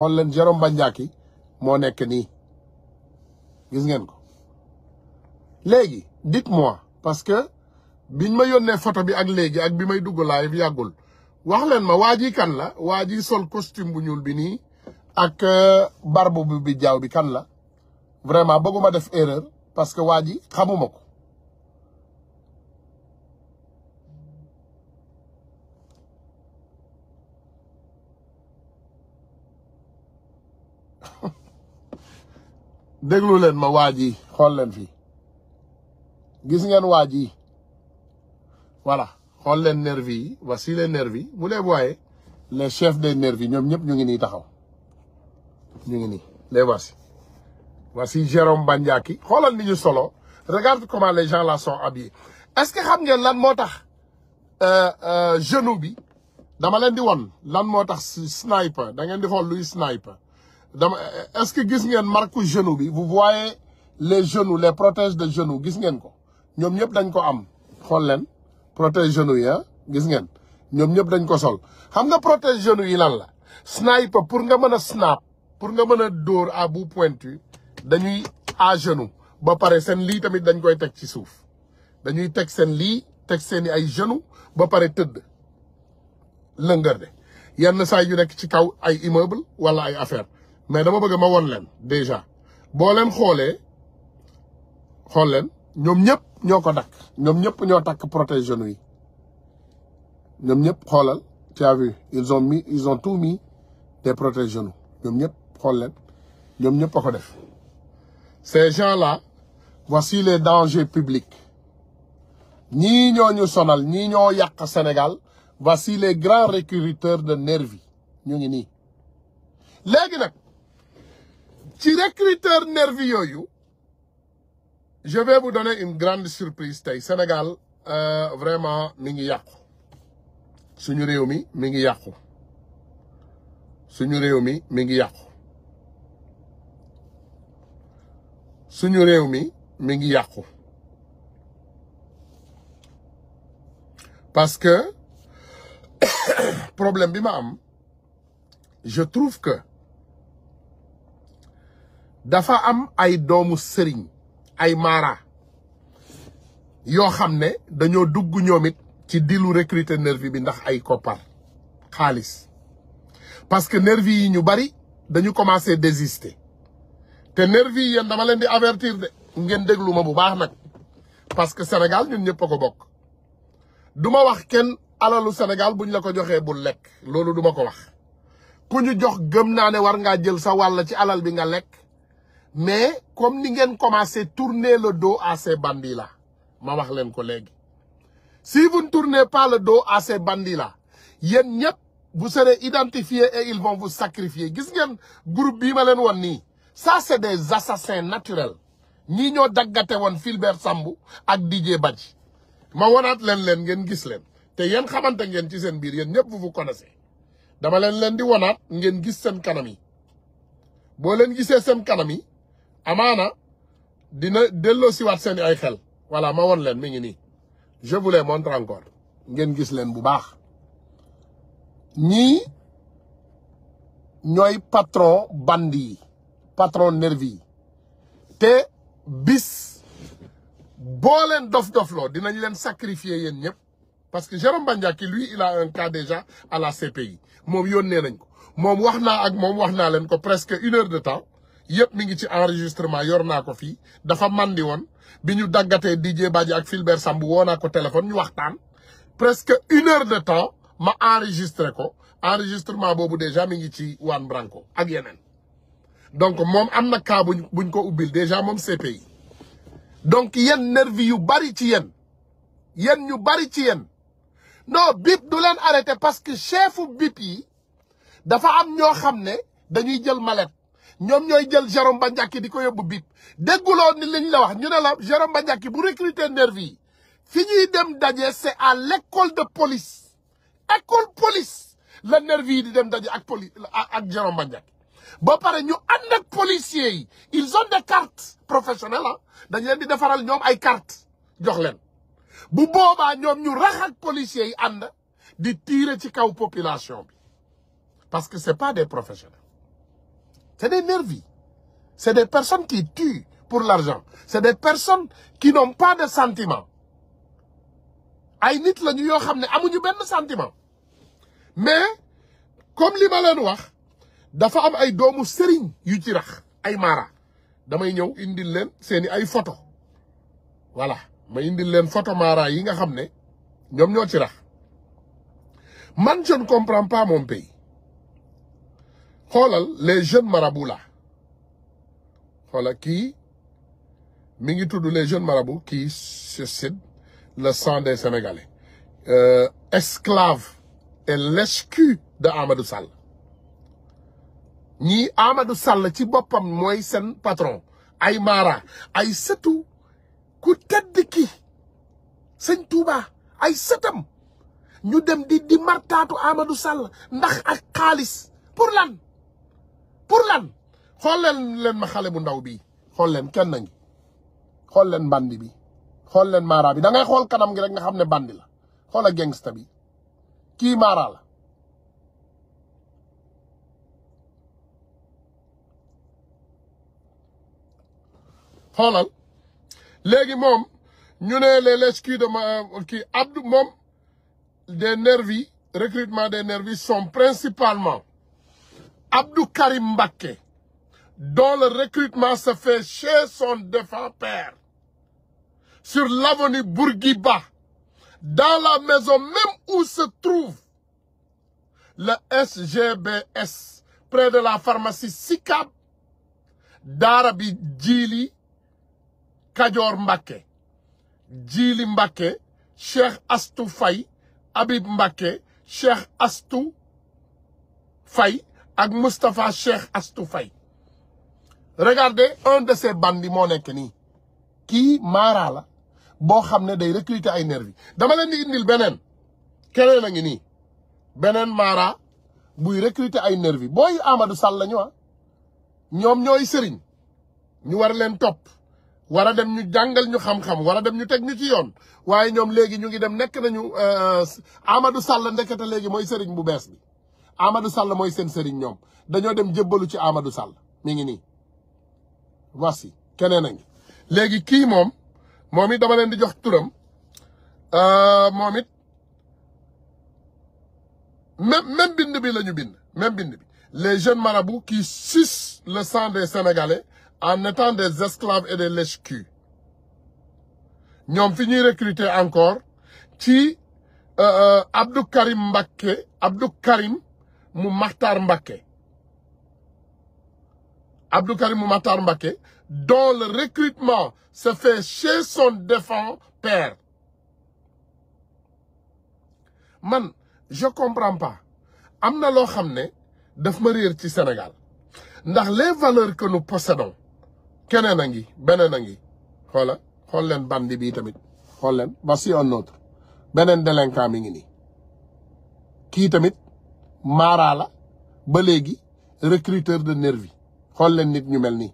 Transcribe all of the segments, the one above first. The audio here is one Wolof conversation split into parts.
xool leen Jérôme Bandiaky moo nekk nii gis ngeen ko léegi dites-moi parce que biñ ma yónnee photo bi ak léegi ak bi may dugg live yàggul wax leen ma waa ji kan la waa ji sol costume bu ñuul bi nii ak euh, barbu bi bi jaaw bi kan la vraiment bëgguma def erreur parce que waa ji xamuma ko déglu leen ma waa ji xool leen fii gis ngeen waa ji voilà xool leen nervi yi voici les nervi yi vous les voyez les chefs des nervi ñoom ñëpp ñu ngi nii taxaw ñu ngi nii les voici voici Jérôme Bandiaki xoolal ni ñu solo regarde comment les gens là sont habillés est-ce que xam ngeen lan moo tax euh, euh, genou bi dama leen di won lan moo tax sniper da ngeen di xool luy sniper dama est-ce que gis ngeen marque genou bi vous voyez les genoux les protèges de genoux gis ngeen ko ñoom ñëpp dañ ko am xool leen protège genoux ya ah, gis ngeen ñoom ñëpp dañ ko sol xam nga protège genoux yi lan la sniper pour nga mën a snap pour nga mën a dóor à bout pointu dañuy à genou ba pare seen lii tamit dañ koy teg ci suuf dañuy teg seen lii teg seeni ay genou ba pare tëdd lëngër de yenn saa yu nekk ci kaw ay immeuble wala ay affaire mais dama bëgg ma won leen déjà boo leen xoolee xool leen ñoom ñëpp ñoo ko dakk ñoom ñëpp ñoo takk protège genoux yi ñoom ñëpp xoolal tu as vu ils ont mis ils ont tout mis des ñëpp xool leen ñoom ñëpp a ko def ces gens-là voici les dangers publics ñii ñoo ñu sonal ñii ñoo yàq Sénégal voici les grands recruteurs de nervis ñu ngi nii léegi nag ci recruteur nervi yooyu je vais vous donner une grande surprise tey Sénégal euh, vraiment mi ngi yàqu suñu réew mi mi ngi yàqu suñu réew mi mi ngi yàqu suñu réew mi mi ngi yàqu parce que problème bi ma am je trouve que dafa am ay doomu sëriñ ay mara yoo xam ne dañoo dugg ñoom it ci dilu recruter nervi bi ndax ay koppar xaalis parce que nervi yi ñu bari dañu commencé désister te nervi yi yéen dama leen di avertir de ngeen déglu ma bu baax nag parce que Sénégal ñun ñëpp ko bokk du ma wax kenn alalu Sénégal buñ la ko joxee bul lekk loolu duma ko wax ku ñu jox gëm naa ne war ngaa jël sa wàll ci alal bi nga lekk mais comme ni ngeen commencé tourner la doo à ces bandits ma wax leen ko léegi si vous ne tournez pas le dos à ces bandits là yéen ñëpp vous serez identifiés et ils gis ngeen groupe bii ma leen wan nii ça c'est des naturel naturels ñii ñoo daggate woon Fulbert Sambou ak Didier Badji ma wanaat leen leen ngeen gis leen te yéen xamante ngeen ci seen biir yéen ñëpp vous vous dama leen leen di wanaat ngeen gis seen kanam yi boo leen gisee seen kanam yi amaana dina delloosiwaat seen ay xel voilà ma won leen mi ngi nii je vous montre encore ngeen gis leen bu baax ñii ñooy patron bandi yi patron nervi yi te bis booleen leen dof-dofloo dinañ leen sacrifier yéen ñëpp parce que Jérôme Bandiaky lui il a un cas déjà à la CPI moom yónnee nañ ko moom wax naa ak moom wax naa leen ko presque une heure de temps yëpp mi ngi ci enregistrement yor naa ko fii dafa mandi woon bi ñu daggatee DJ Badji ak Fulbert sambu woo naa ko téléphone ñu waxtaan presque une heure de temps ma enregistré ko enregistrement boobu déjà mi ngi ci Juan Branco ak yeneen donc moom am na cas buñ buñ ko ubbil déjà moom CPI donc yenn nervi yu bari ci yéen yéen ñu bari ci yéen non bip du leen arrêté parce que chefu bip yi dafa am ñoo xam ne dañuy jël mallette ñoom ñooy jël Jérôme Bandiaky di ko yóbbu bip dégguloo ni lañu la wax ñu ne la Jérôme Bandiaky bu recruter nervi yi fi ñuy dem daje c'est à l'école de police école police la nervi yi di dem daje ak police ak Jérôme Bandiaky ba pare ñu ànd ak policiers yi ils ont des cartes professionnelles ah dañ leen di defaral ñoom ay cartes jox leen bu boobaa ñoom ñu rax ak policiers yi ànd di tirer ci kaw population bi parce que c'est pas des professionnels C'est des nervis. C'est des personnes qui tuent pour l'argent. C'est des personnes qui n'ont pas de sentiment. ay nit la yoo xam ne amuñu benn sentiment mais comme li wax dafa am ay doomu sëriñ yu ci rax ay mara damay ñëw indil leen seeni ay photo voilà ma indil leen photo mara yi nga xam ne ñoom ñoo ci rax man je ne comprends pas mon pays xoolal les jeunes marabouts la xoolal kii mi ngi tudd les jeunes marabouts qui suscitent le sang des sénégalais euh, esclave et l'escu de Amadou Sall ñii Amadou Sall ci boppam mooy seen patron ay maara ay sëtu ku tedd ki sëñ Touba ay sëtam ñu dem di di martaatu Amadou Sall ndax ak xaalis pour lan pour lan xool leen leen ma xale bu ndaw bii xool leen kenn ngi xool leen mbandi bi xool leen maara bi da ngay xool kanam gi rek nga xam ne bandi la xool a gangsta bi kii maara la xoolal léegi moom ñu ne les les euh, kii de kii moom des nervis recrutement des nervis sont principalement Abdou Karim Mbaké, dont le recrutement se fait chez son défunt père, sur l'avenue Bourguiba, dans la maison même où se trouve le SGBS, près de la pharmacie SICAP d'Arabi Djili Kadior Mbaké. Djili Mbaké, Cheikh Astou Faye, Habib Mbaké, Cheikh Astou Faye, ak Moustapha Cheikh astu fay regardez un de ces bandits moo nekk nii kii maara la boo xam ne day recruter ay nervi dama leen di indil beneen keneen a ngi nii beneen maara buy recruter ay nervi booy Amadou Sall la ñu ah. ñoom ñooy sëriñ ñu war leen topp war dem ñu jàngal ñu xam-xam war dem ñu teg ñu ci yoon waaye ñoom léegi ñu ngi dem nekk nañu euh, Amadou la ndekete léegi mooy sëriñ bu bees bi Amadou Sall mooy seen sëriñ ñoom dañoo dem jébbalu ci Amadou Sall mi ngi nii voici keneen a ngi léegi kii moom moom it dama leen di jox turam euh, moom it même même bind bi la ñu bind même bind bi les jeunes marabouts qui sucent le sang des Sénégalais en étant des esclaves et des les culs ñoom fi ñuy recruter encore ci euh, euh, Abdou Karim Mbacké Abdou Karim mu Makhtar Mbacké Abdou Karim mu Makhtar Mbacké dont le recrutement se fait chez son défunt man je comprends pas am na loo xam ne daf ma réer ci senegal ndax le valeur que nous possédons keneen a ngi beneen a ngi xoola xool leen bandi bi tamit xool leen voici un autre beneen délinquant mi ngi nii kii tamit Mara la ba léegi recruteur de nervi xool leen nit ñu mel nii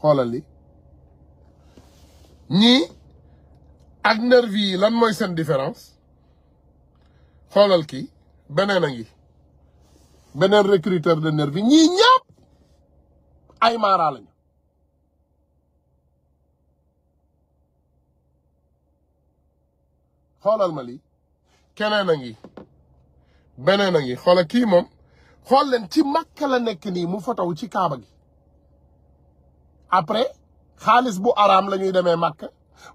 xoolal li ñii ak nervi lan mooy seen différence xoolal ki beneen a ngi beneen recruteur de nervi ñii ñëpp ay Mara lañu xoolal ma lii keneen a ngi beneen a ngi xoola kii moom xool leen ci Makka la nekk nii mu fotow ci Kaaba gi après xaalis bu araam la ñuy demee makk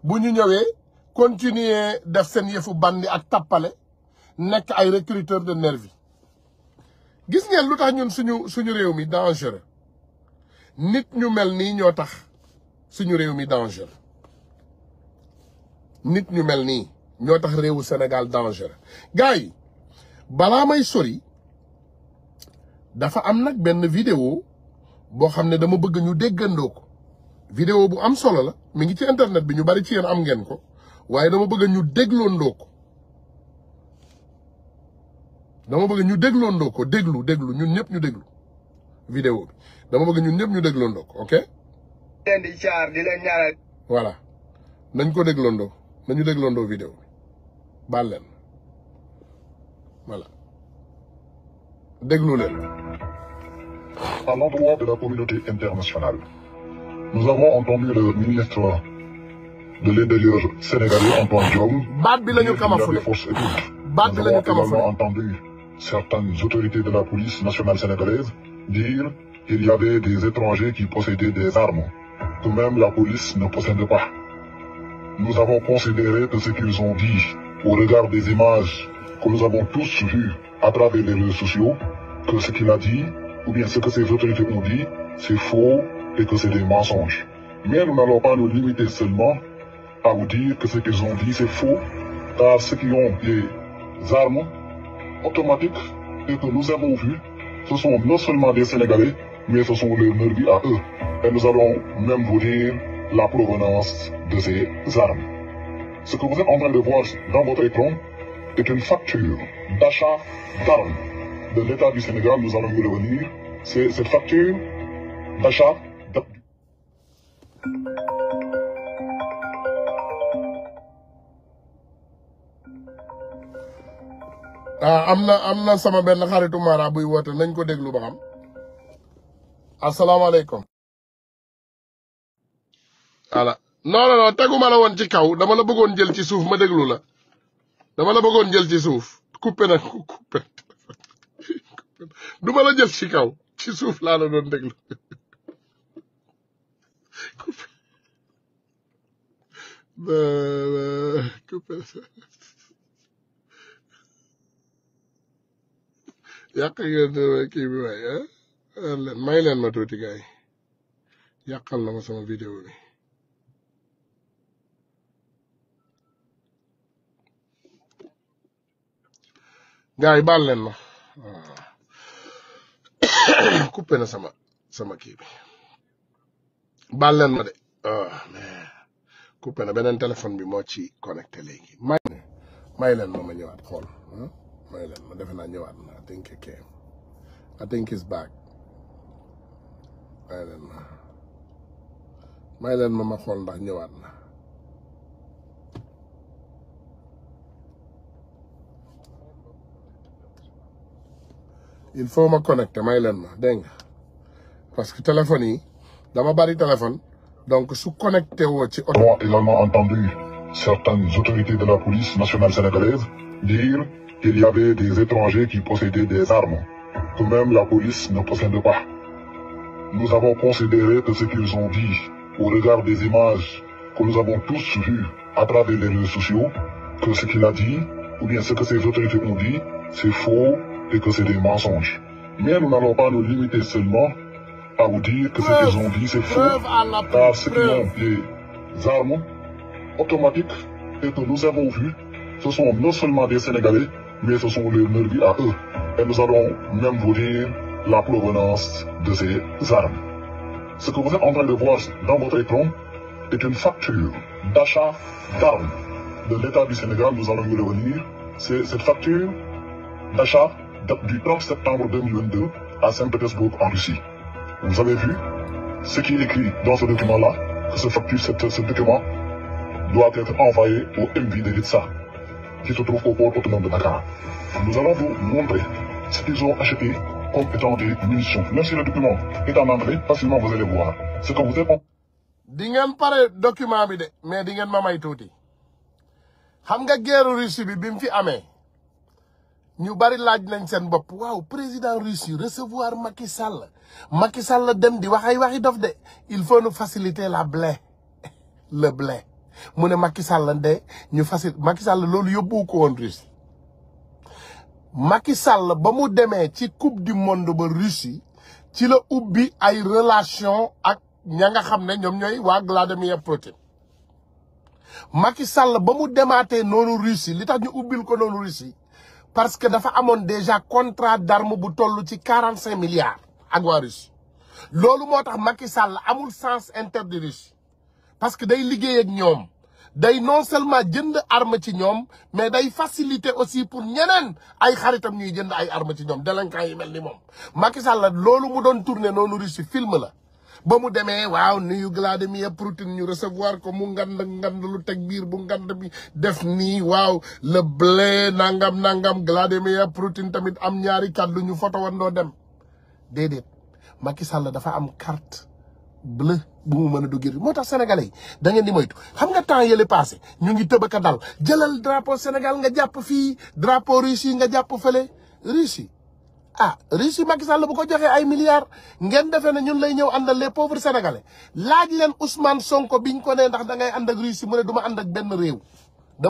bu ñu ñëwee continuer def seen yëfu bandi ak tappale nekk ay recruteur de nervi gis ngeen lu tax ñun suñu suñu réew mi dangereux nit ñu mel nii ñoo tax suñu réew mi dangereux nit ñu mel nii ñoo tax réewu senegal dangereux gars yi balaa may sori dafa am nag benn vidéo boo xam ne dama bëgg ñu déggandoo ko vidéo bu am solo la mu ngi ci internet bi ñu bari ci yéen am ngeen ko waaye dama bëgg ñu dégloondoo ko bëgg ñu dégloondoo ko déglu déglu ñun ñëpp ñu déglu vidéo bi dama bëgg ñun ñëpp ñu dégloondoo ko ok leen voilà nañ ko dégloondoo nañu dégloondoo vidéo bi baal leen voilà déglu leen. À l'endroit de la communauté internationale, nous avons entendu le ministre de l'Intérieur sénégalais Antoine Diome. baat bi la ñu kamafulee Nous avons entendu certaines autorités de la police nationale sénégalaise dire qu'il y avait des étrangers qui possédaient des armes que même la police ne possédait pas. Nous avons considéré que ce qu'ils ont dit au regard des images que nous avons tous vues à travers les réseaux que ce qu'il a dit, ou bien ce que ces autorités ont dit, c'est faux et que c'est des mensonges. Mais nous n'allons pas nous limiter seulement à vous dire que ce qu'ils ont dit, c'est faux, car ceux qui ont des armes automatiques et que nous avons vues, ce sont non seulement des Sénégalais, mais ce sont les nervis à eux. Et nous allons même vous dire la provenance de ces armes. Ce que vous en train de voir dans votre écran est une facture d'achat d'armes de l'État du Sénégal. Nous allons y revenir. C'est cette facture d'achat d'armes. ah am na am na sama benn xaritu Mara buy woote nañ ko déglu ba xam asalaamaaleykum. voilà non non non teguma la woon ci kaw dama la bëggoon jël ci suuf ma déglu la dama la bëggoon jël ci suuf coupé na coupé duma la jël ci kaw ci suuf laa la doon déglu coupé yàq ngeen kii ah. leen ma tuuti gars yi yàqal na ma sama vidéo bi gars yi baal leen ma coupé na sama sama bal bi leen ma de ah, mais na beneen téléphone bi moo ci connecté léegi may may leen ma ma ñëwaat xool hmm? may leen ma defe naa ñëwaat na I think he came I think he's back may leen ma may leen ma ma xool ndax ñëwaat na il faut ma connecté may leen ma dégg nga parce que téléphone yi dama bari téléphone donc su connecté woo ci oto. On a également entendu certaines autorités de la police nationale sénégalaise dire qu'il y avait des étrangers qui possédaient des armes que même la police ne possède pas. Nous avons considéré que ce qu'ils ont dit au regard des images que nous avons tous vues à travers les réseaux sociaux, que ce qu'il a dit, ou bien ce que ces autorités ont et que c'est des mensonges. Mais nous n'allons pas nous limiter seulement à vous dire que ce qu'ils ont dit, c'est faux, car ceux qui ont des armes automatiques et que nous avons vu, ce sont non seulement des Sénégalais, mais ce sont les nervis à eux. Et nous allons même vous dire la provenance de ces armes. Ce que vous en train de voir dans votre écran est une facture d'achat d'armes de l'État du Sénégal. Nous allons y revenir. C'est cette facture du 30 septembre 2022 à Saint-Pétersbourg en Russie. Vous avez vu ce qui est écrit dans ce document-là, que ce, facture, cette, ce document doit être envoyé au MV de l'ITSA, qui se trouve au port autonome de Dakar. Nous allons vous montrer ce qu'ils ont acheté comme étant des si le document est en entrée, facilement vous allez voir ce que vous avez. di ngeen pare document bi de mais di ngeen ma may tuuti xam nga guerre Russie bi bi fi amee ñu bari laaj nañ seen bopp waaw président Russie resevoir Macky Sall Macky Sall dem di wax ay waxi dof de il faut nu faciliter la blé le blé mu ne Macky Sall de ñu faciliter Macky Sall loolu yóbbu ko woon Russie Macky Sall ba mu demee ci coupe du monde ba Russie ci la ubbi ay relation ak ña nga xam ne ñoom ñooy waa Vladimir Poutine Macky Sall ba mu demaatee noonu Russie li tax ñu ubbil ko noonu Russie parce que dafa amoon déjà contrat d'arme bu toll ci quarante cinq milliards ak waa Russie loolu moo tax Macky Sall amul sens interdit Russie parce que day liggéey ak ñoom day non seulement jënd arme ci ñoom mais day faciliter aussi pour ñeneen ay xaritam ñuy jënd ay arme ci ñoom délinquants yi mel ni moom Macky Sall loolu mu doon tourner noonu Russie film la ba mu demee waaw nuyu Vladimir Poutine ñu recevoir ko mu ngand ngand lu teg biir bu nganda bi def nii waaw le blé nangam nangam Vladimir Poutine tamit am ñaari kàddu ñu foto wandoo dem déedéet Macky Sall dafa am carte bleu bu mu mën a duggir moo tax sénégalais yi da ngeen di moytu xam nga temps yële passé ñu ngi tëb ak dal jëlal drapeau Sénégal nga jàpp fii drapeau Russie nga jàpp fële Russie ah riche yi Macky Sall bu ko joxee ay milliards ngeen defee ne ñun lay ñëw àndal les pauvres sénégalais laaj leen Ousmane Sonko biñ ko nee ndax da ngay ànd ak riche yi mu ne ma ànd ak benn réew.